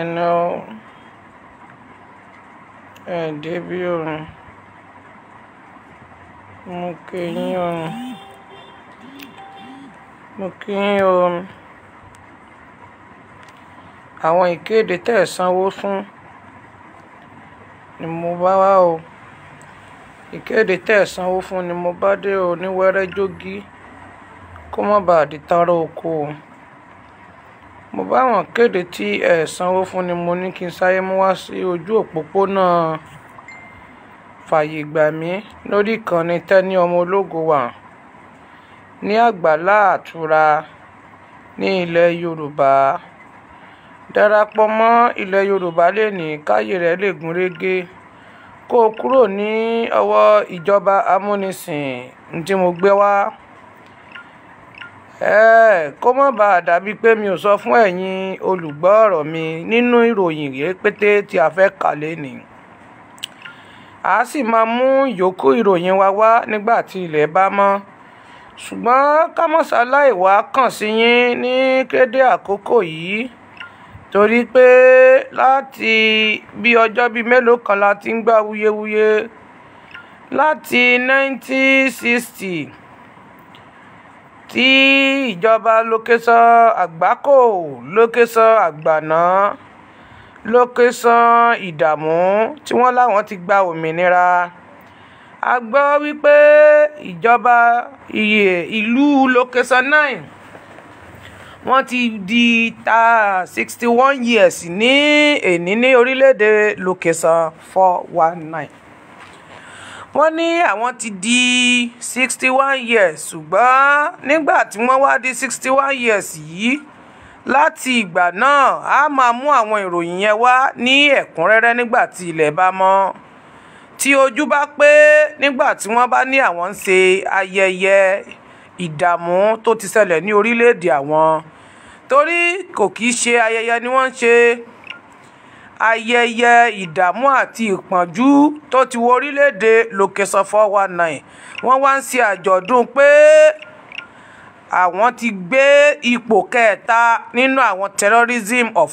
ẹnlẹ́ o ẹ débí òrùn mo kí yín òrùn mo kí yín òrùn àwọn ìkéde tẹ́ ẹ̀ sanwó fún ni mo bá wá o ìkéde tẹ́ ẹ̀ sanwó fún ni mo bá dé o ní wẹ́rẹ́ jógí kó má bàa di tààrà oko o mo bá wọn kéde tí ẹ sanwó fún ni mo ní kí n sáré mú wá sí ojú òpópónà fàyè gbà mí lórí ìkànnì tẹ́ni ọmọ ológo wà ní àgbàlá àtura ní ilẹ̀ yorùbá darapọ̀ mọ́ ilẹ̀ yorùbá lẹ́nì káyé rẹ̀ lè gún régé kó o kúrò ní ọwọ́ ìjọba amúnisìn tí mo gbé wá. Eh, kó má bàa dàbí pé mi ò sọ fún ẹ̀yin olùgbọ́ ọ̀rọ̀ mi nínú ìròyìn rẹpẹtẹ tí a fẹ́ kà lẹ́nì a sì máa mú ìyókù ìròyìn wa wá nígbà tí ilẹ̀ bá mọ́ ṣùgbọ́n kámọ́sáláì wá kàn sí yín ní kéde àkókò yìí torí pé láti bí ọjọ́ bíi mélòó kan la ti ń gbá wuyewuye láti 1960 tí ìjọba lókèsàn àgbákò lókèsàn àgbàná lókèsàn ìdààmú tí wọ́n láwọn ti gba òmìnira a gbọ́ wípé ìjọba iye ìlú lókèsàn nine wọ́n ti di ta sixty one years ní èní ní orílẹ̀-èdè lókèsàn four one nine wọ́n ní àwọn ti di sixty one years ṣùgbọ́n nígbà tí wọ́n wá di sixty one years yìí láti ìgbà náà a máa mú àwọn ìròyìn yẹn wá ní ẹ̀kúnrẹ́rẹ́ nígbà tí ilẹ̀ bá mọ́ tí ojú bá pé nígbà tí wọ́n bá ní àwọn ń ṣe ayẹyẹ ìdààmú tó ti ṣẹlẹ̀ ní orílẹ̀-èdè àwọn torí kò kìí ṣe ayẹyẹ ni wọ́n ń ṣe ayẹyẹ ìdààmú àti ìpọ́njú tó ti wọ orílẹ̀-èdè lòkèsàn four one nine wọ́n wá ń ṣe àjọ̀dún pé àwọn ti gbé ipò kẹta nínú àwọn terrorism of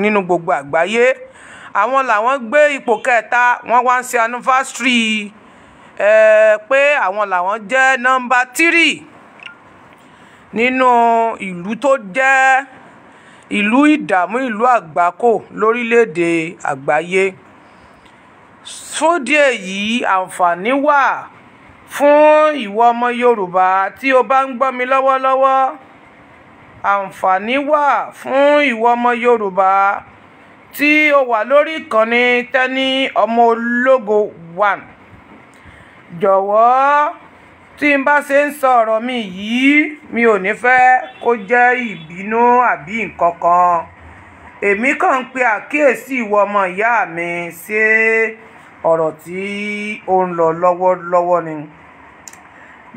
nínú gbogbo àgbáyé àwọn làwọn gbé ipò kẹta wọ́n wá ń ṣe anniversary ẹ pé àwọn làwọn jẹ́ nọ́mbà tírì nínú ìlú tó jẹ́ ìlú ìdààmú ìlú àgbákò lórílẹ̀‐èdè àgbáyé fódìí èyí àǹfààní wà fún ìwọ ọmọ yorùbá tí o bá ń gbọ́ mi lọ́wọ́lọ́wọ́ àǹfààní wà fún ìwọ ọmọ yorùbá tí o wà lórí ìkànnì tẹ́ni ọmọ ológo one jọ̀wọ́ tí n bá ṣe ń sọ ọ̀rọ̀ mi yìí mi ò ní fẹ́ kó jẹ́ ìbínú àbí nǹkan kan èmi kàn ń pe àkíyèsí ìwọ ọmọ ìyá mi ṣe ọ̀rọ̀ tí ó ń lọ lọ́wọ́lọ́wọ́ ni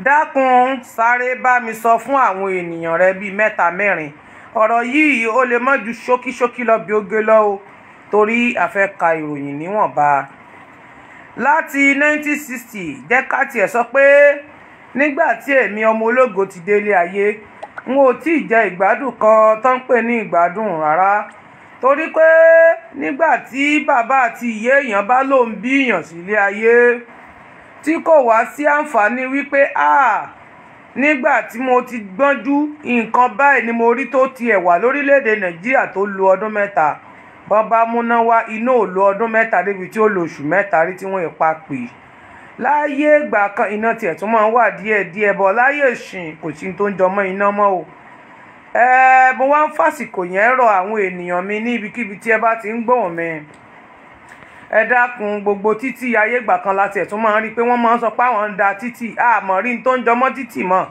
dákun sáré bá mi sọ fún àwọn ènìyàn rẹ bíi mẹ́ta mẹ́rin ọ̀rọ̀ yìí ó lè mọ́ ju ṣókíṣókí lọ bí oge lọ o torí a fẹ́ ka ìròyìn níwọ̀nba láti 1960 jẹ́ ká tiẹ̀ sọ pé nígbà tí èmi ọmọ ológo ti délé ayé n ò tí ì jẹ ìgbádùn kan tó ń pè ní ìgbádùn rárá torí pé nígbà tí bàbá àti ìyá èèyàn bá lóun bí èèyàn sílé ayé tí kò wá sí àǹfààní wípé a nígbà tí mo ti gbọ́njú nǹkan báyìí ni mo rí tó tiẹ̀ wà lórílẹ̀‐èdè nàìjíríà tó lu ọdún mẹ́ta bọ́n múná wá iná ò lo ọdún mẹ́ta débi tí ó lo oṣù mẹ́ta rí tí wọ́n ì pa pè é láyé ìgbà kan iná tiẹ̀ tún máa ń wà díẹ̀díẹ̀ bọ̀ láyé ìsìn kò sí tó ń jọmọ́ iná mọ́ o mo wá ń fàsìkò yẹn rọ àwọn ènìyàn mi ní ibikíbi tí ẹ bá ti ń gbọ̀wọ̀n mi ẹ dákun gbogbo títì ayé ìgbà kan láti ẹ̀ tún máa ń rí i pé wọ́n máa ń sọ pé àwọn ń da títì àmọ́ rí n tó ń jọmọ́ títì mọ́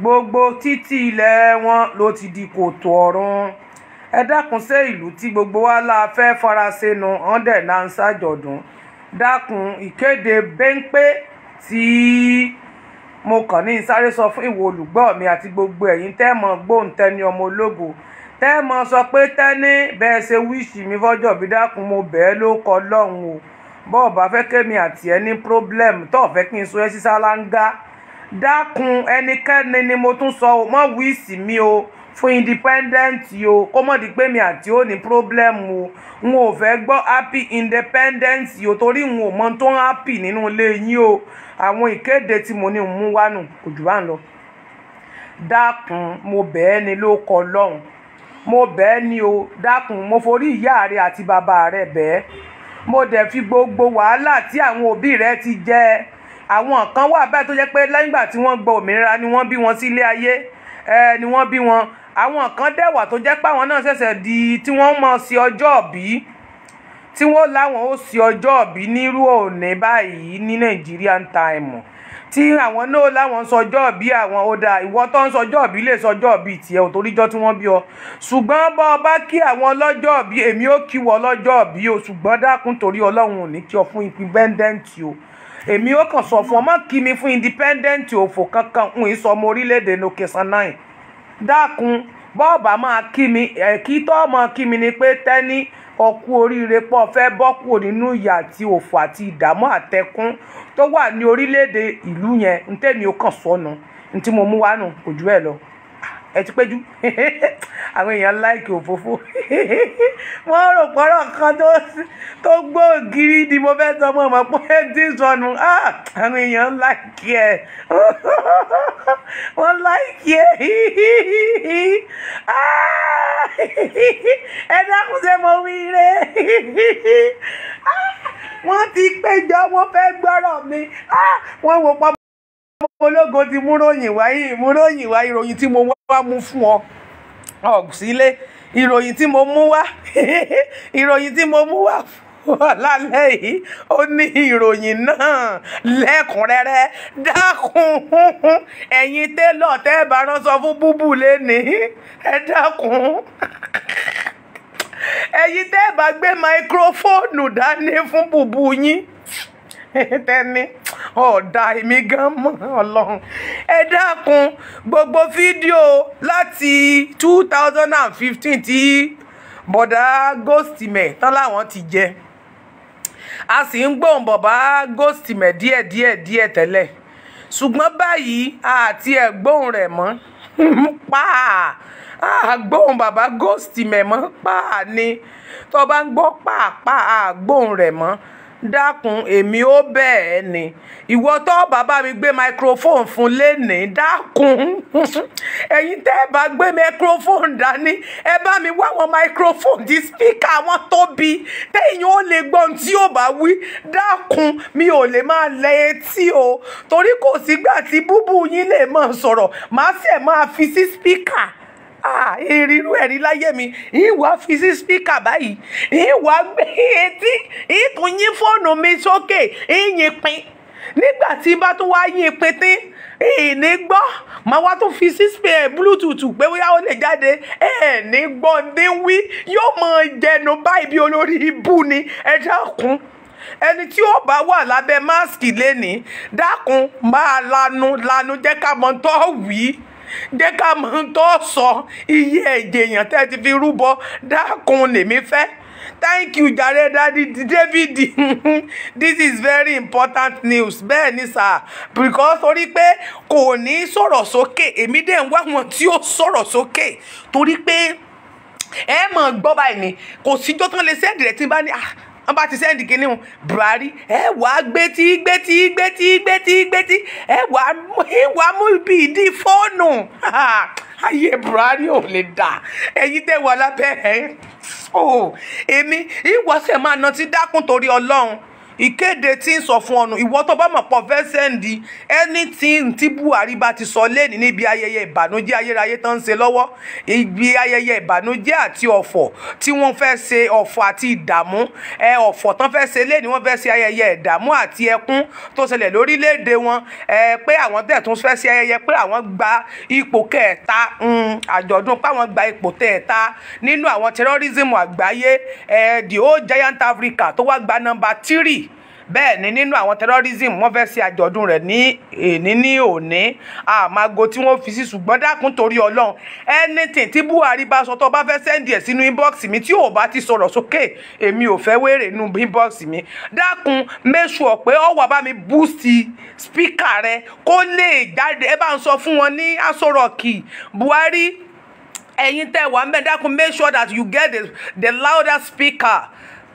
gbogbo títì ilẹ̀ wọn ló ti di kòtò ọ̀run ẹ dákun ṣé ìlú tí gbogbo wa la fẹ́ faraṣe nu ọ̀ndẹ̀ náà ń ṣàjọ̀dún dákun ìkéde bẹ́ńpẹ́ tí mo kàn ní sáré sọ fún ìwọ olùgbọ́ mi àti gbogbo ẹ̀yin tẹ́ mọ gbóǹtẹ́ni ọmọ ológo tẹ́ mọ sọ pé tẹ́ni bẹ́ẹ̀ ṣe wíṣì mi fọ́jọ́ bí dákun mo bẹ́ẹ̀ ló kọ lọ́hùn o bọ́ọ̀ bá fẹ́ kémi àti ẹ ní problem tó fẹ́ kí n so ẹ́ sí sálángá dákun ẹnikẹ́ni ni mo tún sọ mọ́ wíṣì mi o fún independent yo. kó mọ̀ di pé mi àti ó ní problem o n ò fẹ́ gbọ́ happy independence Yo torí n ò mọ tó ń happy nínú ilé yín o àwọn ìkéde tí mo ní ń mú wánu kò jù bá ń lọ dákun mo bẹ́ẹ̀ ni ló kọ lọ́hùn mo bẹ́ẹ̀ ni o dákun mo forí ìyá rẹ àti bàbá rẹ bẹ́ẹ̀ mo dẹ̀ fi gbogbo wàhálà tí àwọn òbí rẹ ti jẹ́ ẹ àwọn kan wà báyìí tó jẹ́ pé lẹ́yìn ìgbà tí wọ́n gba òmìnira ni wọ́n bí wọn sílé ayé ẹ ni wọ́n bí wọn àwọn kan dẹ̀wà tó jẹ́ páwọn náà ṣẹ̀ṣẹ̀ di tí wọ́n mọ̀ sí ọjọ́ òbí tí wọ́n láwọn ó sí ọjọ́ òbí nírú òní báyìí ní Nigerian time tí àwọn náà láwọn sọjọ́ òbí àwọn ó dáa ìwọ tó ń sọjọ́ òbí lè sọjọ́ òbí tiẹ̀ ò toríjọ́ tí wọ́n bí ọ ṣùgbọ́n bá ọ bá kí àwọn lọ́jọ́ òbí èmi ó kí wọ lọ́jọ́ òbí o ṣùgbọ́n dákun torí ọlọ́run ò ní kí ọ fún independent o èmi ó kàn sọ fún ọ mọ́ kí mi fún independent òfò kankan ń sọ ọmọ orílẹ̀-èdè nòkè sanáì. dákun bọ́ọ̀bà máa kí mi ẹ̀kí tó ọmọ kí ni pé tẹ́ni ọkú oríire pọ̀ fẹ́ bọ́ kúrò nínú ìyà àti òfò àti ìdààmú àtẹkùn tó wà ní orílẹ̀-èdè ìlú yẹn ntẹ́mi ó kàn ẹ ti péjú àwọn èèyàn láìkì òfófó wọ́n rò pọ́rọ̀ kan tó gbó ògiri ni mo fẹ́ sọ mọ́ ọmọ pé tí sọnù ah! àwọn èèyàn láìkì ẹ̀ wọ́n láìkì ẹ̀ ah! ẹ dákun ṣe mo wí rẹ ah! wọ́n ti péjọ wọ́n fẹ́ gbọ́rọ̀ mi wọ́n wò pọ́ ológo ti múròyìn wá múròyìn wá ìròyìn tí mo wá mú fún ọ ọ̀sílé ìròyìn tí mo mú wá ìròyìn tí mo mú wá fún ọ lálẹ́ yìí ó ní ìròyìn náà lẹ́kùnrẹ́rẹ́ dákun ẹ̀yin télọ̀ tẹ́ ẹ bá rán sọ fún búbù lénìí ẹ dákun ẹ̀yin tẹ́ bá gbé máikrófóònù dání fún bùbù yín tẹ́ni ọ̀dà èmi gan mọ̀ ọlọ́run ẹ dákun gbogbo fídíò láti two thousand and fifteen tí bọ̀dá Gostimẹ̀ tán láwọn ti jẹ a sì ń gbóhùn bọ̀bá Gostimẹ̀ díẹ̀díẹ̀ díẹ̀ tẹ́lẹ̀ ṣùgbọ́n báyìí àti ẹ̀gbóhùn rẹ̀ mọ́ pa àgbóhùn bàbá Gostimẹ̀ mọ́ pa ni tó bá ń gbọ́ pàápàá àgbóhùn rẹ̀ mọ́ dákun èmi ó bẹ́ẹ̀ ni ìwọ tó bàbá mi gbé microphone fún lẹ́nì dákun ẹ̀yin tẹ́ ẹ bá gbé microphone dání ẹ bá mi wá àwọn microphone di speaker wọn tóbi tẹ́yìn ó lè gbọ́ ohun tí ò bá wí dákun mi ò lè máa lẹ etí o torí kò sígbà tí búbú yín lè máa sọ̀rọ̀ màá sì ẹ̀ máa fi sí speaker ìrírú ẹ̀rí láyé mi ìwà fi sí spíkà báyìí ìwà gbé etí ìtún yín fóònù mi sókè ìyìn pin nígbà tí bá tún wá yín pin tín ìní gbọ́ màá wá tún fi sí eh, bluetooth pé bóyá ó lè jáde ẹ̀ẹ́ní gbọ́ ní wí yóò mọ jẹnu báyìí bí olórí ibú ni ẹ dákun ẹni tí ó bá wà lábẹ́ máàsì lénìí dákun máa lanu lanu jẹ́ ká mọ̀ tó wí jẹ́ ká mọ̀ ń tó sọ iye ẹ̀jẹ̀ èèyàn tẹ́ ti fi rúbọ dákun lèmi fẹ́ thank you jare daddy david this is very important news bẹ́ẹ̀ ni sir because torí pé kò ní sọ̀rọ̀ sókè èmi dẹ̀ ń wá wọn tí ó sọ̀rọ̀ sókè torí pé ẹ mọ̀ gbọ́ báyìí ni kò síjọ́ tán lè sẹ́ẹ̀dì rẹ̀ tí n bá ní ah wọ́n bá ti sẹ́ndì kínní hun Buhari ẹ wà á gbétí gbétí gbétí gbétí gbétí ẹ wà á mú ibi ìdí fóònù ayé Buhari ò lè dà ẹ̀yin tẹ́ wà lábẹ́ ẹ̀ ọ́ oh, èmi ìwọ́sẹ̀ máa nà ti dákun torí Ọlọ́run ìkéde tí ń sọ fún ọ̀nà ìwọ tó bá mọ̀ pọ̀ fẹ́ sẹ́ndì anything tí Buhari bá ti sọ lẹ́ni níbi ayẹyẹ ìbànújẹ́ ayérayé tó ń ṣe lọ́wọ́ ibi ayẹyẹ ìbànújẹ́ àti ọ̀fọ̀ tí wọ́n fẹ́ ṣe ọ̀fọ̀ àti ìdààmú ẹ ọ̀fọ̀ tán fẹ́ ṣe lẹ́ni wọ́n fẹ́ ṣe ayẹyẹ ìdààmú àti ẹkún tó ṣẹlẹ̀ lórílẹ̀‐èdè wọn ẹ pé àwọn tẹ̀ tún fẹ́ ṣe ayẹyẹ pé àwọn gba ipò kẹta hmm, àjọ̀dún páwọn gba ipò tẹ̀ẹ̀ta nínú àwọn terrorism the old giant Africa tó wá gba nọ́mbà bẹ́ẹ̀ ni nínú àwọn terrorism wọ́n fẹ́ ṣe àjọ̀dún rẹ̀ ní èní eh, ní òní àmàgo tí wọ́n fi sí ṣùgbọ́n dákun torí ọlọ́run anything tí Buhari bá sọ tó bá fẹ́ sẹ́ndì ẹ̀ sínú inbox mi tí ò bá ti sọ̀rọ̀ sókè èmi ò fẹ́ wéré nínú inbox mi dákun make sure pé ọ wà bá mi boost speaker rẹ kó lè jáde ẹ bá ń sọ fún wọn ní Aso Rock Buhari ẹ̀yin tẹ́ wà ń dákun make sure that you get the, the louder speaker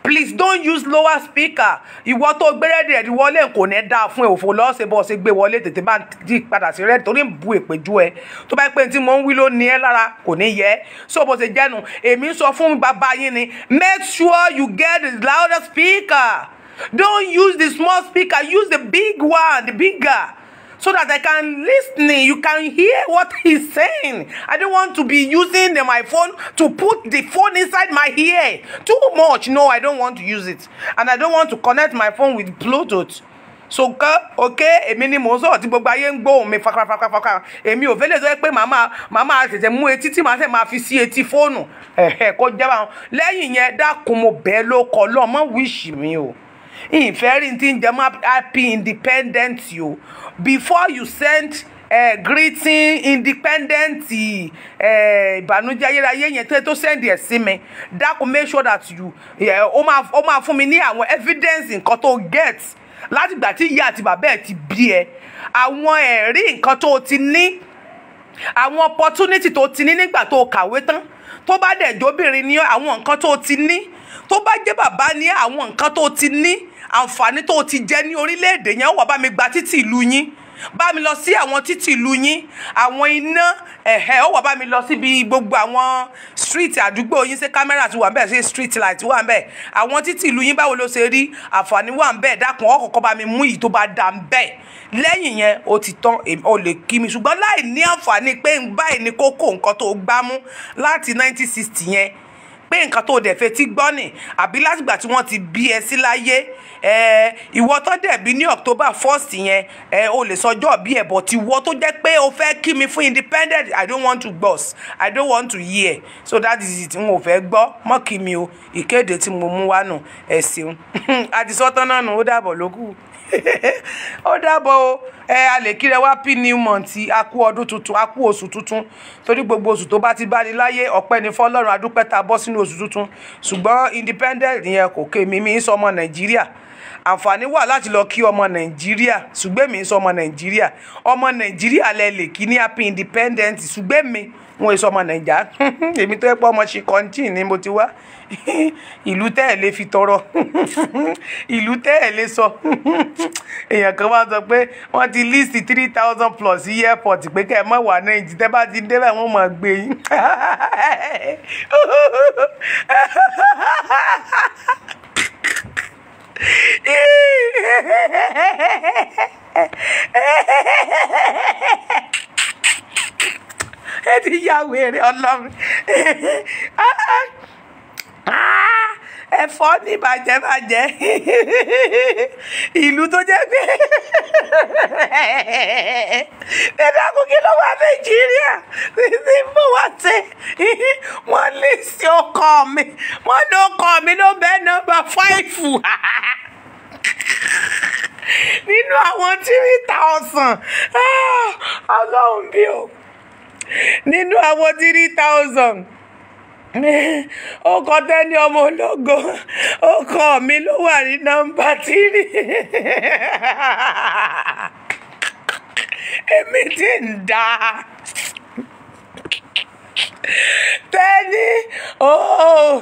please don't use lower speaker ìwọ tó gbé rẹ́dì rẹ̀ wọlé kò ní dáa fún ẹ òfò lọ́sẹ̀ bọ́ ṣe gbé wọlé tètè máa di padà sí rẹ́dì torí ń bu èpèjú ẹ tó bá pẹ́ tí mo ń wí ló ní ẹ lára kò ní yẹ so bó ṣe jẹ́nu èmi sọ fún bàbá yín ni make sure you get the louder speaker don't use the small speaker use the big one the bigger so that I can listen. You can hear what he's saying. I don't want to be using the, my phone to put the phone inside my ear. Too much. No, I don't want to use it. And I don't want to connect my phone with Bluetooth. so okay, a minimum so, mò ń sọ̀rọ̀ tí gbogbo ayé ń gbóhùn mi fakafakafaka èmi ò fẹ́lẹ̀ sọ mama, màmá màmá mu mú etí tí màá sẹ̀ máa fi sí etí fóònù ẹ̀ẹ́ kó jẹ́ báwọn lẹ́yìn yẹn dákun mo bẹ́ẹ̀ ló kọ́ lọ́ọ́ mọ́ wíṣì mi o ìfẹ́ rí ti ń happy independent o before you send uh, greeting independent ìbànújẹ́ ayérayé yẹn tó send ẹ̀ sí mi dákun make sure that you ó máa fún mi ní àwọn evidence nǹkan tó get látìgbà tí ìyá àti bàbá ẹ̀ ti bí ẹ àwọn ẹ̀rí nǹkan tó ti ní àwọn opportunity tó ti ní nígbà tó kàwé tán tó bá dẹ̀ jóbìnrin ní àwọn nǹkan tó ti ní tó bá jẹ́ bàbá ní àwọn nǹkan tó ti ní àǹfààní tó ti jẹ ní orílẹ̀-èdè yẹn wà bá mi gba títì ìlú yín bá mi lọ sí àwọn títì ìlú yín àwọn iná ẹ̀hẹ́ ó wà bá mi lọ síbi gbogbo àwọn street àdúgbò yín ṣé kámẹ́rà ti wà ń bẹ̀ ṣé street light wà ń bẹ̀ àwọn títì ìlú yín báwo ló ṣe rí àǹfààní wà ń bẹ̀ dákun ọkọ̀ọ̀kan bá mi mú yìí tó bá dà ń bẹ̀ lẹ́yìn yẹn ó ti tán ó lè kí mi ṣùgbọ́n láì ní àǹfààní pé báyìí ni kókó nǹkan tó gbámú láti 1960 yẹn pé nǹkan tó dẹ̀ fetí gbọ́ nì àbí látìgbà tí wọ́n ti bí ẹ sí láyé ìwọ tó dẹ̀ ní October first yẹn o lè sọjọ́ bí ẹ̀ bọ̀ tí wọ́ tó jẹ́ pé o fẹ́ kí mi fún independent I don't want to gbọ́s I don't want to hear so that is it n ò fẹ́ gbọ́ mọ́ kí mi o ìkéde tí mo mú wá nù ẹ̀ ṣeun àdìsọ́tán náà nù ó dàbọ̀ lókù ó dábọ̀ o ẹ a lè kíra wá pí new month a kú ọdún tuntun a kú oṣù tuntun torí gbogbo oṣù tó bá ti bá ní láyé ọpẹ́ ní fọlọ́run adúpẹ́ ta bọ́ sínú oṣù tuntun ṣùgbọ́n independent yẹn kò ké mi mi ń sọ ọmọ nàìjíríà àǹfààní wà láti lọ kí ọmọ nàìjíríà ṣùgbẹ́mi ń sọ ọmọ nàìjíríà ọmọ nàìjíríà lẹ lè kí ní happy independent ṣùgbẹ́mi wọn èso ọmọ nàìjà èmi tó yẹ pé ọmọ ṣìkọ́ntì ni mo ti wá ìlú tẹ́ ẹ̀ lè fi tọrọ ìlú tẹ́ ẹ̀ lè sọ èèyàn kan wá sọ pé wọ́n ti list three thousand plus sí airport pé kẹ́ ẹ mọ̀ wà náà ìjì tẹ́ bá ti débẹ̀ wọ́n mọ̀ gbé yín yàwèrè ọlọ́run ẹ̀fọ́ ní bàjẹ́bàjẹ́ ìlú tó jẹ́ pé ẹ̀dákun kí ló wà nàìjíríà títí mo wá tẹ wọ́n lè ṣe ọkọ mi wọ́n ní ọkọ mi ló bẹ́ẹ̀ nọ́mbà fáìfù nínú àwọn tíríta ọ̀sán ah, ọlọ́run bí o nínú àwọn three thousand ó kọ tẹ́ni ọmọ ológo ó kọ mi ló wà ní nọ́mbà tírì èmi ti ń dáa tẹ́ni ooo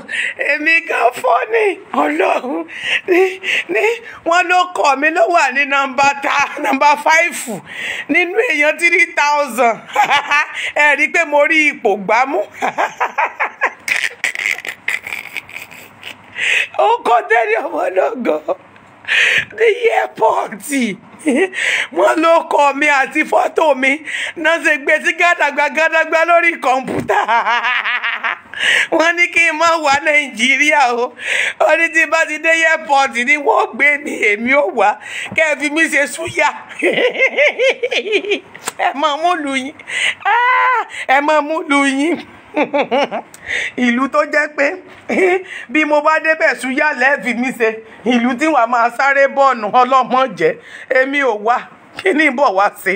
èmi gan fọ́nì ọlọ́run ni ni. wọ́n ló kọ̀ mí ló wà ní nọmba ta nọmba fáìfù nínú èèyàn three thousand ẹ rí i pé mo rí ipò gbámú ó kọ́ tẹ́ni ọmọ náà gan. The yẹ́pọ̀tì wọ́n ló kọ mi àti fọ́tò mi náà ṣe gbé sí gàdàgbà gàdàgbà lórí kọ̀ǹpútà wọ́n ní kí n má wá nàìjíríà o ó ní tí bá ti dé yẹ́pọ̀tì ni wọ́n gbé mi èmi ò wá kẹ́ ẹ fi mí ṣe súyà ẹ mọ̀ mú lu yín ah, ẹ mọ̀ mú lu yín. ìlú tó jẹ́ pé bí mo bá débẹ̀ ṣúyà lẹ́ẹ̀fì mi ṣe ìlú tí wàá máa sáré bọ́ọ̀nù ọlọ́mọ jẹ́ èmi ò wá kí ni bọ̀ wá ṣe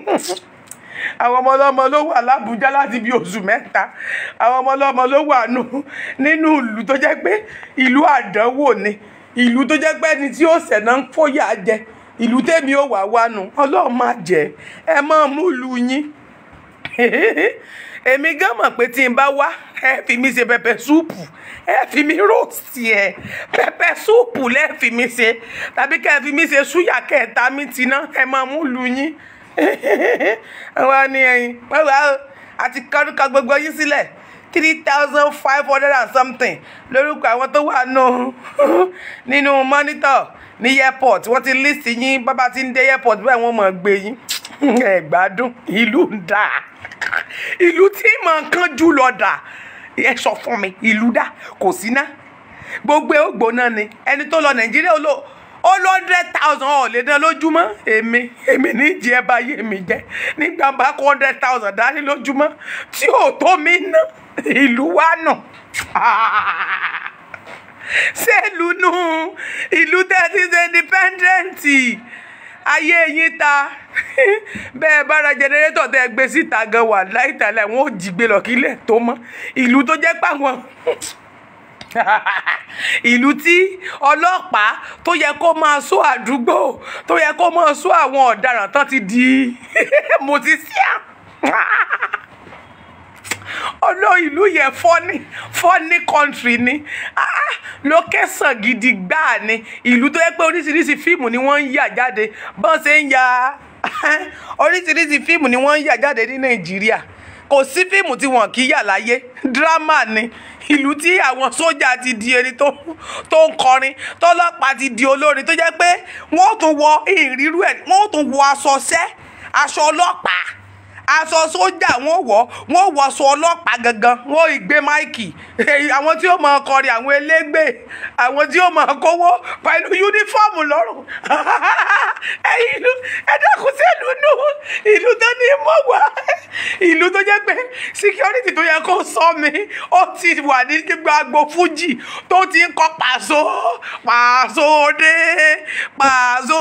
àwọn ọmọ ló wà lábújá láti bí oṣù mẹ́ta àwọn ọmọ ló wà nínú ìlú tó jẹ́ pé ìlú ni ìlú tó jẹ́ pé ẹni tí ó ṣẹ̀nà ń fòyà jẹ ìlú tèmi ò wá wánu ọlọ́run má jẹ́ ẹ má mú lu yín èmi gan mọ̀ pé tí n bá wá ẹ fi mi ṣe pẹpẹ súùpù ẹ fi mi rọ́ọ̀sì ẹ pẹpẹ súùpù lẹ fi mi ṣe tàbí kẹ ẹ fi mi ṣe súyà kẹta mi ti ná ẹ máa mú lu yín wá ní ẹyin wá àti kọ́dúnkọ́ gbogbo yín sílẹ̀ three thousand five hundred and something lórúkọ àwọn tó wà nù nínú mọ́nítọ̀ ní airport wọ́n ti list yín bàbá ti ń dé airport báyìí wọ́n mọ̀ gbé yín ẹ gbádùn ìlú ń dà ìlú tí mọ̀ nǹkan jù lọ dà ẹ sọ fún mi ìlú dà kò sí ná gbogbo ògbó náà ni ẹni tó lọ nàìjíríà ó lò ó lọ hundred thousand ọ̀lẹ́ dán lójúmọ́ èmi èmi ní ìjì ẹ bá yé mi jẹ nígbà bá kó hundred thousand dání lójúmọ́ tí ò tó mi ná ìlú wa nù ṣé ìlú nù ìlú tẹ́tí ṣe independent ayé yín ta bẹ́ẹ̀ bára jẹnẹrétọ̀ tẹ́ gbé síta gan wà láìtàlà wọn ò jí gbé lọ kílẹ̀ tó mọ́ ìlú tó jẹ́ pàwọn ìlú tí ọlọ́pàá tó yẹ kó máa sọ àdúgbò tó yẹ kó máa sọ àwọn ọ̀daràn tán ti di mo ti sí à ọlọ́ ìlú yẹn fọ́ní fọ́ní kọ́ńtírì ni ah, ah, lókẹ́sàn gidi gbáà ni ìlú tó yẹ pé oríṣiríṣi fíìmù ni wọ́n ń yà jáde bọ́n ṣe ń ya oríṣiríṣi fíìmù ni wọ́n ń yà jáde ní nàìjíríà kò sí fíìmù tí wọn kì í yà láyé dírámà ni ìlú tí àwọn sójà ti di ẹni tó ń kọrin tọ́lọ́pàá ti di olórin tó jẹ́ pé wọ́n tún wọ ìrírú ẹ̀ wọ́n tún wọ aṣọ ṣẹ́ aṣọ ọlọ́pàá aṣọ sójà wọ́n wọ̀ wọ́n wọ̀ aṣọ ọlọ́pàá gangan wọ́n ìgbé máìkì àwọn tí ó mọ ọkọrin àwọn elégbè àwọn tí ó mọ kówó pẹ̀lú yúnífọ́ọ̀mù lọ́rùn ìlú ẹ̀dẹ́kun sí ìlú nù ìlú tó ní mọ̀ wá ìlú tó jẹ́ pé síkírọ́tì tó yẹ kó sọ mi ó ti wà ní gbàgbó fújì tó ti ń kọ́ pàṣọ pàṣọ dé pàṣọ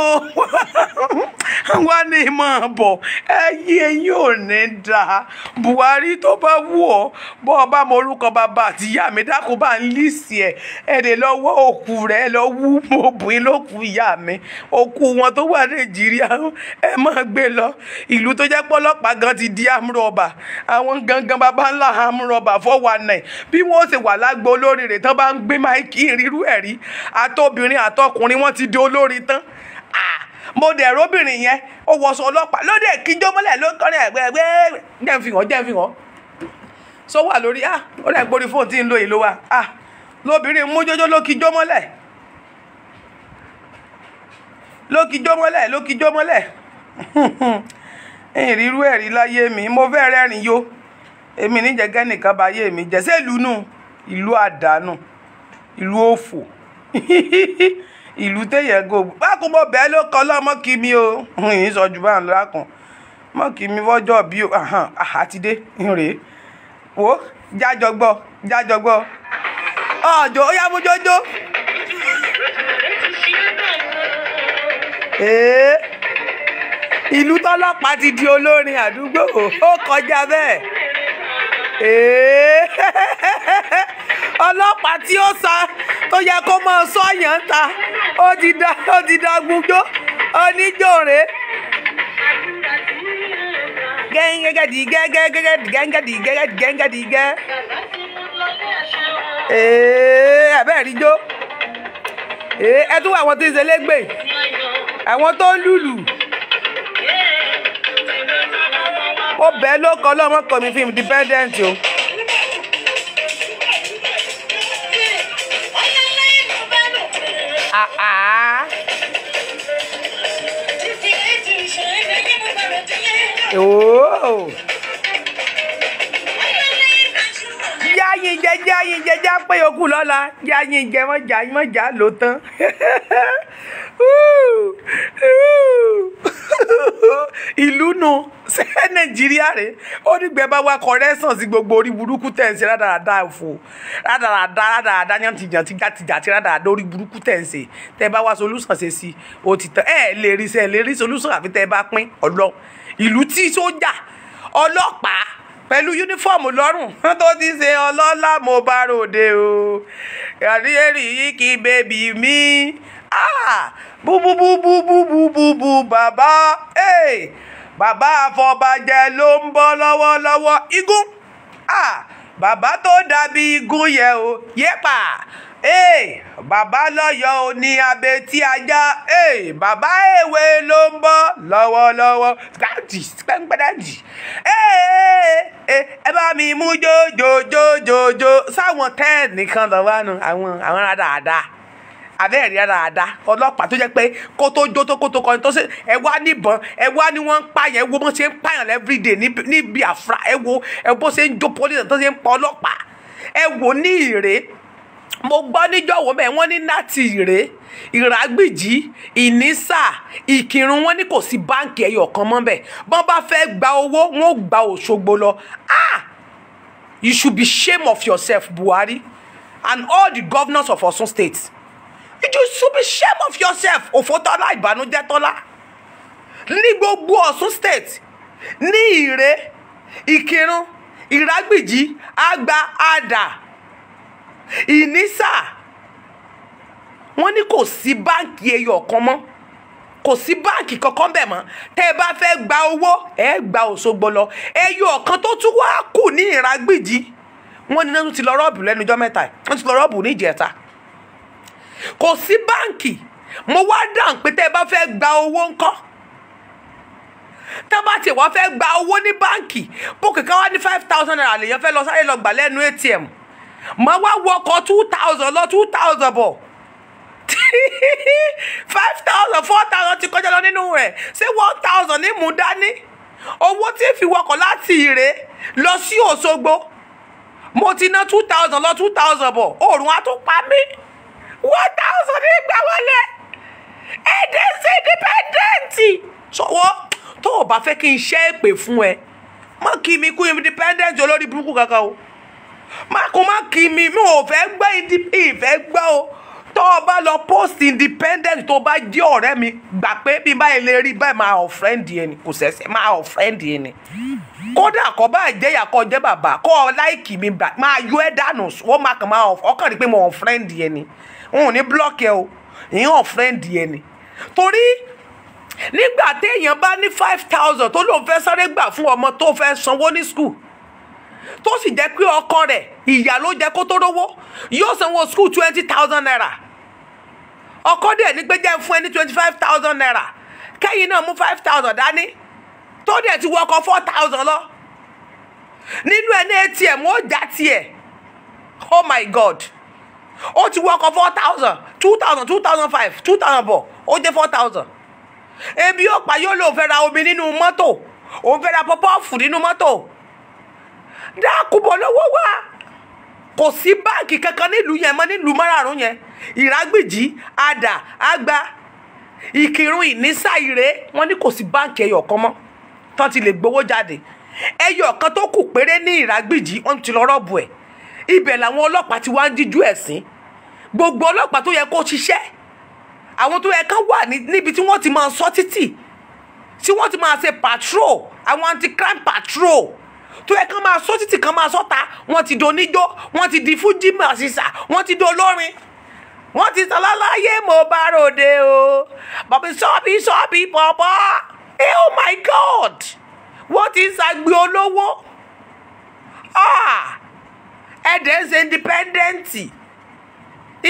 wọn ni mọ̀ bọ̀ ẹ yí eyín ò ní dáa Buhari tó bá wù ọ́ bọ́ ọ bá mọ orúkọ bàbá àti ìyá mi dákun bá ń lísì ẹ̀ ẹ̀ lè lọ wọ́ òkú rẹ̀ ẹ̀ lọ wú obìnrin lókù ìyá mi òkú wọn tó wà Nàìjíríà ẹ̀ máa gbé lọ ìlú tó jẹ́ pọ́lọ́pàá gan ti di amúrọ̀bà àwọn gangan bàbá ńlá amúrọ̀bà fọ́wà náà bí wọ́n ṣe wà lágbo olóríire tán bá ń gbé máìkì ìrírú ẹ̀rí àtọ́bìnrin àtọkùnrin wọ́n ti di olórí tán ah mo dẹ̀ róbìnrin yẹn ó wọṣọ ọlọ́pàá lóde ló ń ẹ̀gbẹ́ ẹ̀gbẹ́ jẹ́ ń fi hàn jẹ́ ń fi hàn so wà lórí ah ó dẹ̀ gbórí fóònù lo ìlú wa ah lóbìnrin mú jójó ló kíjó mọ́lẹ̀ ló kíjó ló ẹ̀rí láyé mi mo fẹ́ rẹ́rìn yó èmi níjẹ́ gẹ́nìkan bá yé mi jẹ́ ìlú àdánù ìlú ìlú téèyàn gò bákun mo bẹ́ẹ̀ ló kọ́ lọ́mọ kí mi o ìyìn sọ jù bá ń lákùn mọ́ kí mi fọ́jọ́ bí o àtidé rèé wò jájọgbọ́ jájọgbọ́ ọ̀jọ̀ ó yá mójójó. ìlú tọ́lọ́pàá ti di olórin àdúgbò ó kọjá bẹ́ẹ̀. ọlọ́pàá tí ó sa tó yẹ kó máa sọ́yàn ta ó ti da ó ti da gbúgbó oníjòrè gẹ́gẹ́dì gẹ́gẹ́dì gẹ́gẹ́dì gẹ́gẹ́dì gẹ́ ee abẹ́rẹ́ ríjó ee ẹ tún wọ àwọn tó ń ṣe lẹ́gbẹ̀ẹ́ àwọn tó ń lùlù ó bẹ́ẹ̀ ló kọ́ lọ́mọkọ̀ mi fíìmù dependent o. Oh. jáyìn jẹ jáyìn jẹ já pé yòókù lọ́la jáyìn jẹ mọ́ já mọ́ já ló tán ìlú nu ṣé nàìjíríà rè ó nígbẹ́ bá wá correction sí gbogbo orí burúkú tẹ̀ ń ṣe rádaràda òfò rádaràda rádaràda yàntìyàn ti jàtìjà ti rádaràda orí burúkú tẹ̀ ń ṣe tẹ́ bá wá solution ṣe sí o ti tán ẹ̀ lè rí sẹ́ lè rí solution àfi tẹ́ bá pín ọlọ ìlú tí sójà ọlọ́pàá pẹ̀lú yúnífọ́ọ̀mù lọ́rùn tó ti ṣe ọlọ́lá mo bá ròde o kàríyèrè yìí kì í bèbí mi búbúbúbúbúbú ah! bàbá. Hey! bàbá àfọbàjẹ ló ń bọ́ lọ́wọ́lọ́wọ́ igun ah bàbá tó dàbí igun yẹ o yépa ee bàbá lọ́yọ̀ ò ní abetí ajá ee bàbá èwe ló ń bọ́ lọ́wọ́lọ́wọ́ gbàdì gbàdì ee ẹ bá mi mú jójójójójó sáwọn tẹ́ẹ̀ nìkan lọ́wọ́ nu àwọn àwọn rádaràda abẹ́ẹ̀ rí dáadáa ọlọ́pàá tó jẹ́ pé kó tó jó tó kó tó kọrin tó ṣe ẹ wá níbọn ẹ wá ní wọ́n ń pààyàn ẹ wo bó ṣe ń pààyàn everyday ní Biafra ẹ wo ẹ bó ṣe ń jó police tó ṣe ń pa ọlọ́pàá ẹ wò ní ìrè mo gbọ́ níjọ́wọ́ bẹ́ẹ̀ wọ́n ní láti ìrè ìràgbìjì ìnísà ìkírun wọn ní kò sí báǹkì ẹyọ kan mọ́ bẹ́ẹ̀ bọ́n bá fẹ́ gba owó wọn ò gba Òṣogbo lọ ah you should be shame of yourself Buhari and all the governors of Osun State you should be shame of yourself òfótọ́lá ìbànújẹ́tọ́lá ní gbogbo ọ̀ṣun state ní ìrè ìkírun ìrágbìjí àgbà àdà ìnísà wọ́n ní kò sí báǹkì ẹyọ ọ̀kan mọ́ kò sí báǹkì kankan bẹ̀ mọ́ tẹ́ ẹ bá fẹ́ gba owó ẹ gba Òṣogbo lọ ẹyọ ọ̀kan tó tún wá kù ní ìrágbìjí wọ́n ní náà tún ti lọ rọ́ọ̀bù lẹ́nu ọjọ́ mẹ́ta wọ́n ti lọ rọ́ọ̀bù ní ìjẹta kò sí báǹkì mo wá dáhùn pé tẹ́ ẹ bá fẹ́ gba owó ńkọ́ tá a bá tiẹ̀ wá fẹ́ gba owó ní báǹkì bókè ká wá ní five thousand naira lèèyàn fẹ́ lọ sáré lọ gbà lẹ́nu atm màá wá wọkọ̀ two thousand lọ two thousand bọ̀ five thousand four thousand ti kọjá lọ nínú rẹ̀ ṣé one thousand ní mú dání owó tí fi wọkọ̀ láti Ìrè lọ sí Òṣogbo mo ti ná two thousand lọ two thousand bọ̀ oòrùn á tún pa mí one thousand ní gbà wọlé independent sọwọ́ tó o bá fẹ́ kí n ṣe é pè fún ẹ má kí mi kú independent olórí burúkú kankan o má kó má kí mi mi ò fẹ́ gbọ́ ìfẹ́ gbọ́ o tó o bá lọ post independent tó o bá jẹ́ ọ̀rẹ́ mi gbà pé bí báyìí lè rí báyìí máa ọ̀frẹ́ǹdì ẹni kò sẹ́sẹ́ máa ọ̀frẹ́ǹdì ẹni kódà kọ bá jẹyà kọ jẹ bàbá kọ láìkì mi máa yọ ẹ dànù wọn máa kàn máa ọkàn rí pé mo ò fẹ́ǹdì ẹni n ò ní blọ́ọ̀kì ẹ o ìyẹn ọ̀frẹ́ǹdì ẹ ni torí nígbà téèyàn bá ní five thousand tó lóun fẹ́ sáré gbà fún ọmọ tó fẹ́ sanwó ní school tó sì jẹ́ pé ọkọ rẹ̀ ìyá ló jẹ́ kó tó rówó yóò sanwó school twenty thousand naira ọkọ dẹ̀ ní gbẹ́jẹ́ fún ẹ ní twenty five thousand naira kẹ́yìn náà mú five thousand dání tó dẹ̀ ti wọ ọkọ̀ four thousand lọ nínú ẹ̀ ní atm ó já tiẹ̀ oh my god ó ti wọkọ̀ four thousand two thousand two thousand five two thousand bọ̀ ó dé four thousand ebi yóò pa yóò lòun fẹ́ ra omi nínú mọ́tò òun fẹ́ ra pọ́pọ́ọ̀fù nínú mọ́tò dákúbọ̀ lọ́wọ́ wá kò sí báǹkì kankan nílùú yẹn mọ́ nílùú márààrún yẹn ìrágbèjì àdà àgbà ìkírun ìnísà ìrè wọn ní kò sí báǹkì ẹyọ kan mọ́ tán ti lè gbowó jáde ẹyọ kan tó kù péré ní ìrágbèjì wọn ti lọ rọ́ọ̀bù ẹ̀ ibẹ̀ làwọn ọlọ́pàá ti wá ń díjú ẹ̀sìn gbogbo ọlọ́pàá tó yẹ kó ṣiṣẹ́ àwọn tó yẹ kán wà níbi tí wọ́n ti máa sọ títì tí wọ́n ti máa ṣe patrol àwọn anti-crime patrol tó yẹ kán máa sọ títì kán máa sọ́ta wọ́n ti do oníjó wọ́n ti di fújì màṣíṣà wọ́n ti do olórin wọ́n ti sọ lọ́láyé mo bá ròde o bàbá sọ́ọ̀bì sọ́ọ̀bì bọ̀bọ̀ eh, oh my god wọ́n ti ń ṣagbe olówó ah ẹ̀dẹ̀ ń ṣe independent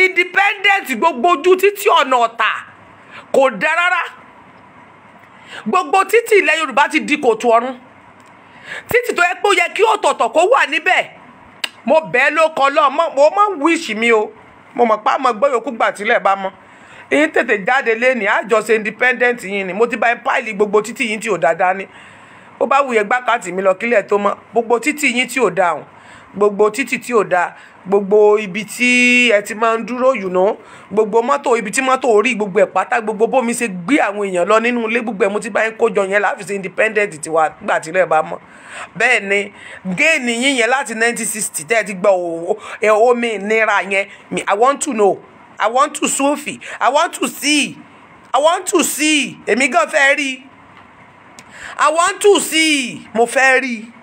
independent gbogbo ojú títí ọ̀nà ọ̀tà kò dá rárá gbogbo títì ilẹ̀ Yorùbá ti di kòtò ọ̀run títì tó yẹ pé ó yẹ kí ọ̀tọ̀ọ̀tọ̀ kó wà níbẹ̀ mo bẹ́ẹ̀ ló kọ́ lọ́ọ́ mo mọ̀ wíṣì mi o mo mọ̀ pé àmọ́ gbọ́ yòókù gbà tílẹ̀ bá mọ́ yín tètè jáde léni àjọṣe independent yín ni mo ti bá yín páìlì gbogbo títì yín tí ò dáadáa ni ó bá wuyẹ gbákàtì mi lọ kílẹ̀ tó mọ́ gbogbo títì yín tí ò dáa gbogbo títì tí ò dáa gbogbo ibi tí ẹ ti máa ń dúró yùnà gbogbo mọ́tò ibi tí mọ́tò orí gbogbo ẹ̀ pátá gbogbo bómi ṣe gbé àwọn èèyàn lọ nínú ilé gbogbo ẹ̀ mo ti bá yín kójọ yẹn láti ṣe independent tiwa nígbà tí ilẹ̀ bá mọ́ bẹ́ẹ̀ ni géènì yín yẹn láti 1960 tẹ́ ẹ ti gbọ́ omi ìnira yẹn I want to know I want to sofi I want to see I want to see èmi gan fẹ́ rí I want to see mo fẹ́ rí i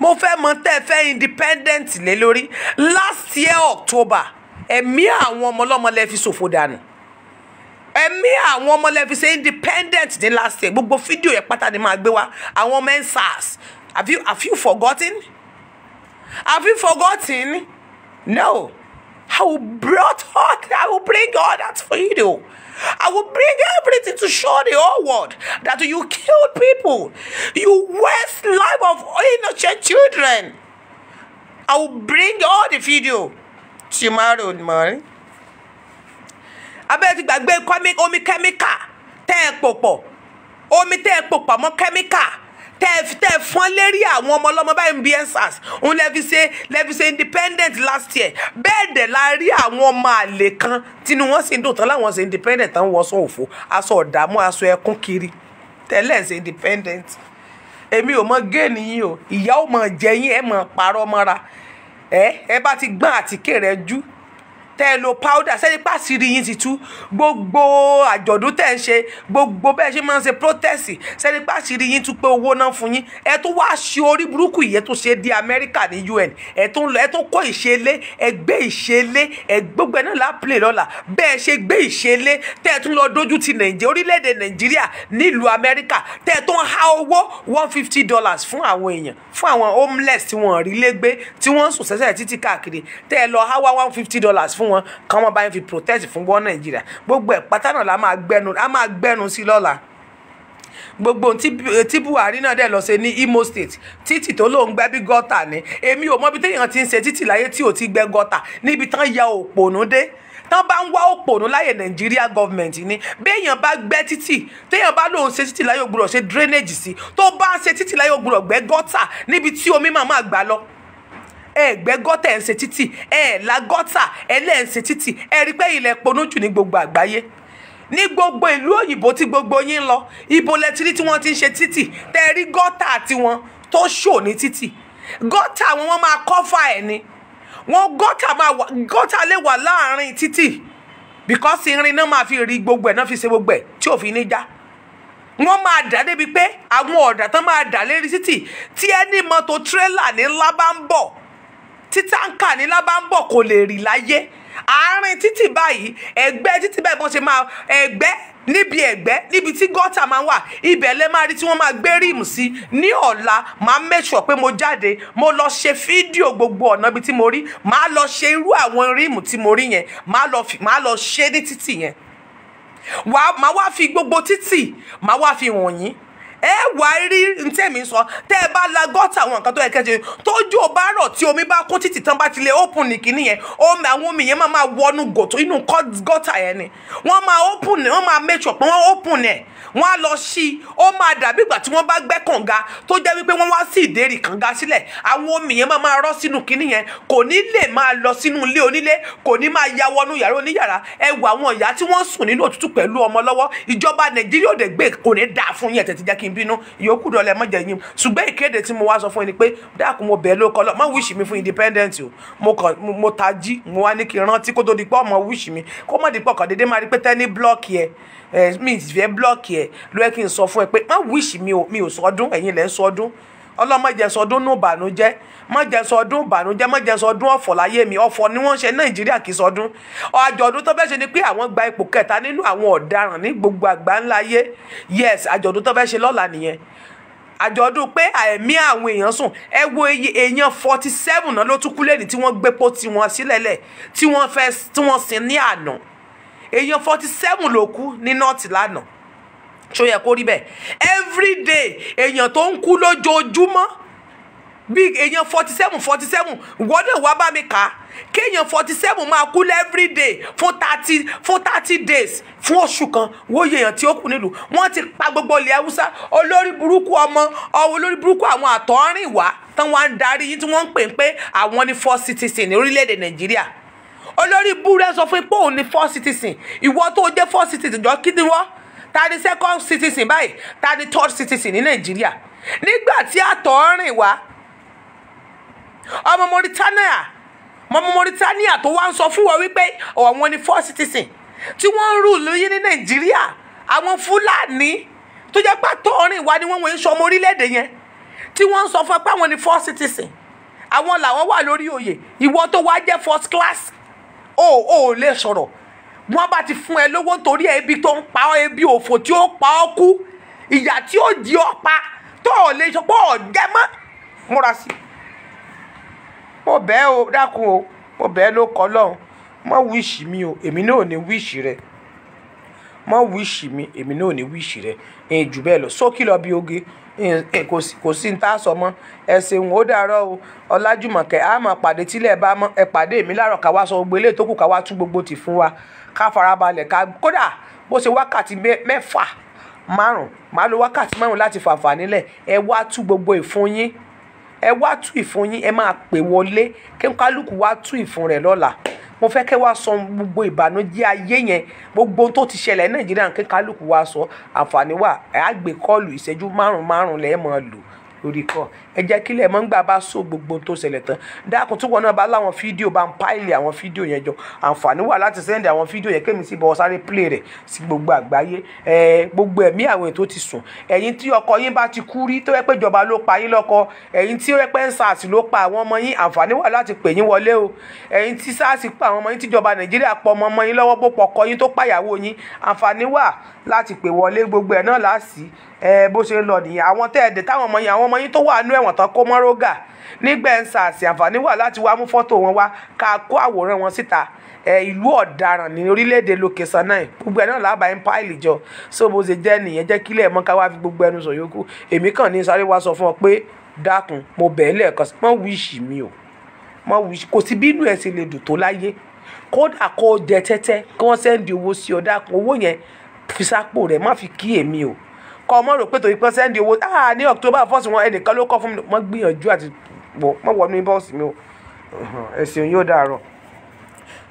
mo fẹ́ mọ tẹ́ ẹ fẹ́ independent lé lórí last year October ẹ̀mí àwọn ọmọlọ́mọ lẹ́ fi ṣòfò dànù ẹ̀mí àwọn ọmọ lẹ́ fi ṣe independent ní last year gbogbo fídíò yẹn pátá ni máa gbé wa àwọn ọmọ ensars have you have you forgotten have you forgotten no I will brought all I will bring all that for you though. I will bring everything to show the whole world that you killed people. You waste life of innocent children. I will bring all the video tomorrow morning. abẹ́rẹ́ ti gbàgbé omi kẹ́míkà tẹ́ ẹ pò pọ̀ omi tẹ́ ẹ tell pọ̀ mọ́ kẹ́míkà. tẹ́ ẹ fọ́n lérí àwọn ọmọ ọlọ́mọ báyìí ń bí ensars òun lẹ́fi ṣe lẹ́fi ṣe independent last year bẹ́ẹ̀ dẹ̀ la rí àwọn ọmọ àlè kan tínú wọn sì ń dùn tán láwọn ṣe independent tán wọ́n sọ òfò aṣọ ọ̀dààmú aṣọ ẹkún kiri tẹ́lẹ̀ ṣe independent èmi ò mọ géènì yín o ìyá ò mọ jẹ yín ẹ mọ parọ́ mọ́ra ẹ ẹ bá ti gbọ́n àtíkè rẹ jú tẹ́ ẹ lo powder sẹ́ni pàṣírí yín ti tú gbogbo àjọ̀dún tẹ́ ẹ ń ṣe gbogbo bẹ́ẹ̀ ṣe máa ń ṣe protest sẹ́ni pàṣírí yín tú pé owó náà fún yín ẹ tún wá ṣe orí burúkú yìí ẹ tún ṣe di Amẹ́ríkà ní UN ẹ tún lọ ẹ tún kọ́ ìṣẹ̀lẹ̀ ẹ gbé ìṣẹ̀lẹ̀ ẹ gbogbo ẹ náà lápìlẹ̀ lọ́la bẹ́ẹ̀ ṣe gbé ìṣẹ̀lẹ̀ tẹ́ ẹ tún lọ dójú ti Nàìjíríà orílẹ̀-èdè Nàìjíríà nílùú Amẹ́ríkà tẹ́ ẹ tún há owó one fifty dollars fún àwọn èèyàn fún àwọn homeless tí wọ́n rí lé gbé tí wọ́n sùn sẹ́sẹ̀ títí káàkiri tẹ́ ẹ lọ há wá one fifty dollars fún wọn kán wọn bá yẹn fi protest fún wọ́n nàìjíríà gbogbo ẹ̀ pátá náà la máa gbẹnu a máa gbẹnu sí lọ́la gbogbo tí buhari náà dẹ̀ lọ ṣe ní imo state títì tó lóun gbẹ́ bí gọ́tà ni èmi ò mọ bí téèyàn ti ń ṣe títì láyé tí ò ti gbẹ́ gọ́tà níbi tán ya òpònú dé tán bá ń wá òpònú láyè nàìjíríà gọọmẹ̀ntì ni béèyàn bá gbẹ́ títì téèyàn bá lóun ṣe títì láyé ògbúrọ̀ ṣe drainage sí tó bá ń ṣe títì láyé ògbúrọ̀ gbẹ́ gọ́tà níbi tí omi máa máa gbà lọ ẹ gbẹ́ gọ́tà ẹ̀ ń ṣe títì ẹ la gọ́tà ẹ lẹ́ ń ṣe títì ẹ rí pé ilẹ̀ ponú jù ní gbogbo àgbáyé ní gbogbo ìlú òyìnbó tí gbogbo yín lọ ibo lẹ ti rí tí wọ́n ti ń ṣe títì tẹ́ rí gọ́tà tiwọn tó ṣò ní títì gọ́tà wọn wọ́n máa kọ́fà ẹ̀ ni wọ́n gọ́tà máa wà gọ́tà lè wà láàárín títì because irin náà máa fi rí gbogbo ẹ̀ náà fi ṣe gbogbo ẹ̀ tí òfin ní já wọ́n máa dà débi pé àwọn ọ̀dà tán máa dà lérí títì tí ẹni mọ́tò tírélà ní ńlá bá ń bọ̀ títàǹkà ní lábàǹbọ̀ kò lè rì láyé àárín títì báyìí ẹ̀gbẹ́ títì báyìí bọ́n ṣe máa ẹ̀gbẹ́ níbi ẹ̀gbẹ́ níbi tí gọ́tà máa wà ibẹ̀ lẹ máa rí tí wọ́n máa gbé ríìmù sí ní ọ̀la máa make sure pé mo jáde mo lọ ṣe fídíò gbogbo ọ̀nà ibi tí mo rí máa lọ ṣe irú àwọn ríìmù tí mo rí yẹn máa lọ ṣe ní títì yẹn máa wá fi gbogbo títì máa wá fi hàn yín ẹ wà á rí ntẹ́mi sọ tẹ́ ẹ bá la gọ́tà àwọn nǹkan tó yẹ kẹ́jẹ tójú ò bá rọ̀ tí omi bá kún títì tán bá ti lè open ní kíní yẹn omi àwọn omi yẹn máa máa wọnú gòtò inú gọ́tà yẹn ni wọ́n máa open wọ́n máa make sure pé wọ́n open ẹ̀ wọ́n á lọ sí i ó máa dàbí ìgbà tí wọ́n bá gbẹ́ kànga tó jẹ́ wípé wọ́n wá sí ìdérí kànga sílẹ̀ àwọn omi yẹn máa máa rọ́ sínú kíní yẹn kò ní lè máa lọ sínú ilé onílé kò ní máa ya wọnú yàrá oníyàrá ẹ wọ àwọn ìyá tí wọ́n sùn nínú òtútù pẹ̀lú ọmọ lọ́wọ́ ìjọba nàìjíríà ò dẹ̀ gbé kò ní dáa fún yín ẹ̀ tètè jẹ́ kí yín bínú ìyókù dọ̀lẹ́ mọ́ jẹ̀yìn ṣùgbọ́n ìkéde tí mo wá sọ fún yín ni pé dákun mo bẹ̀ẹ́ ló kọ́ lọ má wíṣì mi fún independent o mo kàn mo tají mo wá ní kí n rántí kó tó di pé ọmọ wíṣì mi kó mọ̀ dípọ̀ kàn déédéé máa rí pé tẹ́ni blọ́ọ̀kì ẹ̀ ẹ̀ mi ì fẹ́ blọ́ọ̀kì ẹ̀ ló yẹ kí n sọ fún ẹ pé má wíṣì mi ò sọdún ẹ̀yin lẹ́ sọdún ọlọ́mọ ìjẹsọdún nù bànújẹ́ mọ̀jẹsọdún bànújẹ́ mọ̀jẹsọdún ọ̀fọ̀ láyé mi ọ̀fọ̀ ni wọ́n ń ṣe nàìjíríà kì í sọdún àjọ̀dún tó fẹ́ ṣe ni pé àwọn gba ipò kẹta nínú àwọn ọ̀daràn ní gbogbo àgbáńlá ayé yes àjọ̀dún tó fẹ́ ṣe lọ́la nìyẹn àjọ̀dún pé àìmí àwọn èèyàn sùn ẹ wo èèyàn forty seven náà ló tún kú lẹ́ni tí wọ́n gbé pò tiwọn sílẹ̀lẹ̀ tí wọ́n sin ní àná èèyàn forty seven ló kú ní nọ́ọ̀tì lánàá ṣó yẹ kó rí bẹ́ẹ̀ everyday èèyàn tó ń kú lójoojúmọ́ bí èèyàn forty seven forty seven gbọ́dọ̀ wá bá mi kà á kéèyàn forty seven máa kú day fún thirty fún thirty days fún oṣù kan wóye èèyàn tí ó kù nílùú wọ́n ti pa gbogbo ilẹ̀ haúsá olórí burúkú ọmọ olórí burúkú àwọn àtọ́rìn wá tán wá ń darí yín tí wọ́n ń pè ń pé àwọn ni first citizen ní orílẹ̀-èdè nàìjíríà olórí búrẹ́ sọ fún pé òun ni first citizen ìwọ tó jẹ́ first citizen jọ kí ni wọ́n ta ni second citizen báyìí ta ni third citizen ní nàìjíríà nígbà tí àtọ̀ rìn wá ọmọ Mauritania ọmọ Mauritania tó wá ń sọ fún wọn wípé àwọn ni fourth citizen tí wọ́n ń rù lóyún ní nàìjíríà àwọn fúlàní tó jẹ́ pàtó rìn wá ni wọ́n wọ́n ń sọ ọmọ orílẹ̀-èdè yẹn tí wọ́n ń sọ fún ẹ pé àwọn ni fourth citizen àwọn làwọn wà lórí oyè ìwọ tó wá jẹ́ first class o ò lè sọ̀rọ̀ wọ́n bá ti fún ẹ lówó nítorí ebi tó ń pa ọ́ ebi òfò tí ó pa ọ́ kú ìyà tí ó di ọ́ pa tó ò lè sọ pé ò jẹ́ mọ́ múra sí i mo bẹ́ẹ̀ o dákun o mo bẹ́ẹ̀ ló kọ́ lọ́hùn mọ́ wíṣì mi o èmi náà ò ní wíṣì rẹ̀ mọ wíṣì mi èmi náà ò ní wíṣì rẹ ẹ jù bẹ́ẹ̀ lọ sókè lọ bí oge kò sí ní tá a sọ mọ́ ẹ ṣeun ó dàárọ̀ o ọlájùmọ̀kẹ́ a máa pàdé tílẹ̀ bá mọ́ ẹ pàdé mi láàárọ̀ ká wá sọ gbogbo eléyìí tó kù ká wá tú gbogbo tì fún wa ká farabalẹ̀ ká kódà bó ṣe wákàtí mẹ́fà márùn máa lo wákàtí márùn láti fàǹfà nílẹ̀ ẹ wá tú gbogbo ìfún yín ẹ wá tú ìfún yín ẹ máa pè wọlé kí kálukú wá tú ìfún rẹ̀ lọ́la mo fẹ́ kẹ́ wá sọ gbogbo ìbànújẹ́ ayé yẹn gbogbo tó ti ṣẹlẹ̀ nàìjíríà kí kálukú wá sọ àǹfààní wà àgbékọ́ọ̀lù ìṣẹ́jú márùn-márùn lẹ́ẹ̀ lò lórí kọ́ ẹ jẹ́ kílẹ̀ mọ́ ń gbà bá so gbogbo tó ṣẹlẹ̀ tán dákun tí wọn náà bá láwọn fídíò bá ń páìlì àwọn fídíò yẹn jọ àǹfààní wà láti sẹ́ndì àwọn fídíò yẹn kémi sí bọ́ sáré play rẹ̀ sí gbogbo àgbáyé ẹ gbogbo ẹ̀mí àwọn ètò ti sùn ẹ̀yin tí ọkọ yín bá ti kú rí tó yẹ pé ìjọba ló pa yín lọ́kọ ẹ̀yin tí ó yẹ pé ń SARS ló pa àwọn ọmọ yín àǹfààní wà láti pè yín wọlé o ẹ̀yin tí SARS pa àwọn ọmọ yín tíjọba Nàìjíríà pọ̀ ọmọ ọmọ yín lọ́wọ́ bó pọ̀ ọkọ yín tó pàyàwó yín àǹfààní wà láti pè wọlé gbogbo ẹ̀ náà láàsì ẹ bó ṣe lọ nìyẹn àwọn tẹ́ ẹ dé táwọn ọmọ yẹn àwọn ọmọ yín tó wà nú ẹ̀wọ̀n tán kó mọ́ rógà nígbà ẹ̀ ń sàṣì àǹfààní wà láti wá mú fọ́tò wọn wá ká kó àwòrán wọn síta ẹ ìlú ọ̀daràn ní orílẹ̀-èdè lókèsàn náà gbogbo ẹ̀ náà làbà ń páìlì jọ so bó ṣe jẹ́ nìyẹn jẹ́ kílẹ̀ mọ́ ká wá fi gbogbo ẹnu sọ yòókù èmi kàn ní sáré wá sọ fún ọ pé dákun mo bẹ̀ẹ́ lẹ́ẹ̀kan sí mọ́ wíṣì mi o mọ́ wíṣì kò sí bínú ẹ̀ sì lè dùn tó láyé kódà kó jẹ tẹ́tẹ́ kí wọ́n sẹ́ndì owó sí ọ dákun owó yẹn fi sápò rẹ̀ má fi kí èmi o kọ́ ọmọ rò pé torí pé sẹ́ndì owó ah ní october first wọn ẹnìkan ló kọ́ fún mi wọ́n gbìyànjú àti wọ́ wọ́n wọ́n ní bọ́ọ̀sì mi o ẹ̀sìn yóò dàrọ̀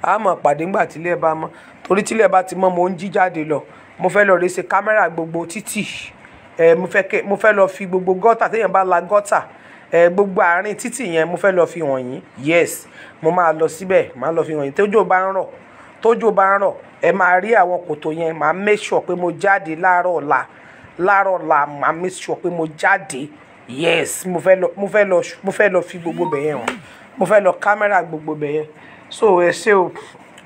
a mọ̀ pàdé ńgbà tílẹ̀ bá mọ́ torí tílẹ̀ bá ti mọ́ mo ń jí jáde lọ mo fẹ́ lọ rí ṣe kámẹ́rà gbogbo títì ẹ̀ mo fẹ́ lọ fi gbogbo gọ́tà téèyàn bá la gọ́tà ẹ gbogbo àárín títì yẹn mo fẹ́ lọ fi hàn yín yes mo máa lọ síbẹ̀ máa lọ fi hàn yín tójò bá ń rọ̀ tójò bá ń rọ̀ ẹ máa rí àwọn kòtò yẹn máa make pé mo jáde láàárọ̀ ọ̀la láàárọ̀ la máa make sure pé mo jáde yes mo fẹ́ lọ mo fẹ́ lọ mo fẹ́ lọ fi gbogbo bẹ̀ yẹn mo fẹ́ lọ kámẹ́rà gbogbo bẹ̀ yẹn so ẹ ṣé o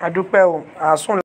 àdúpẹ́ o àsùn.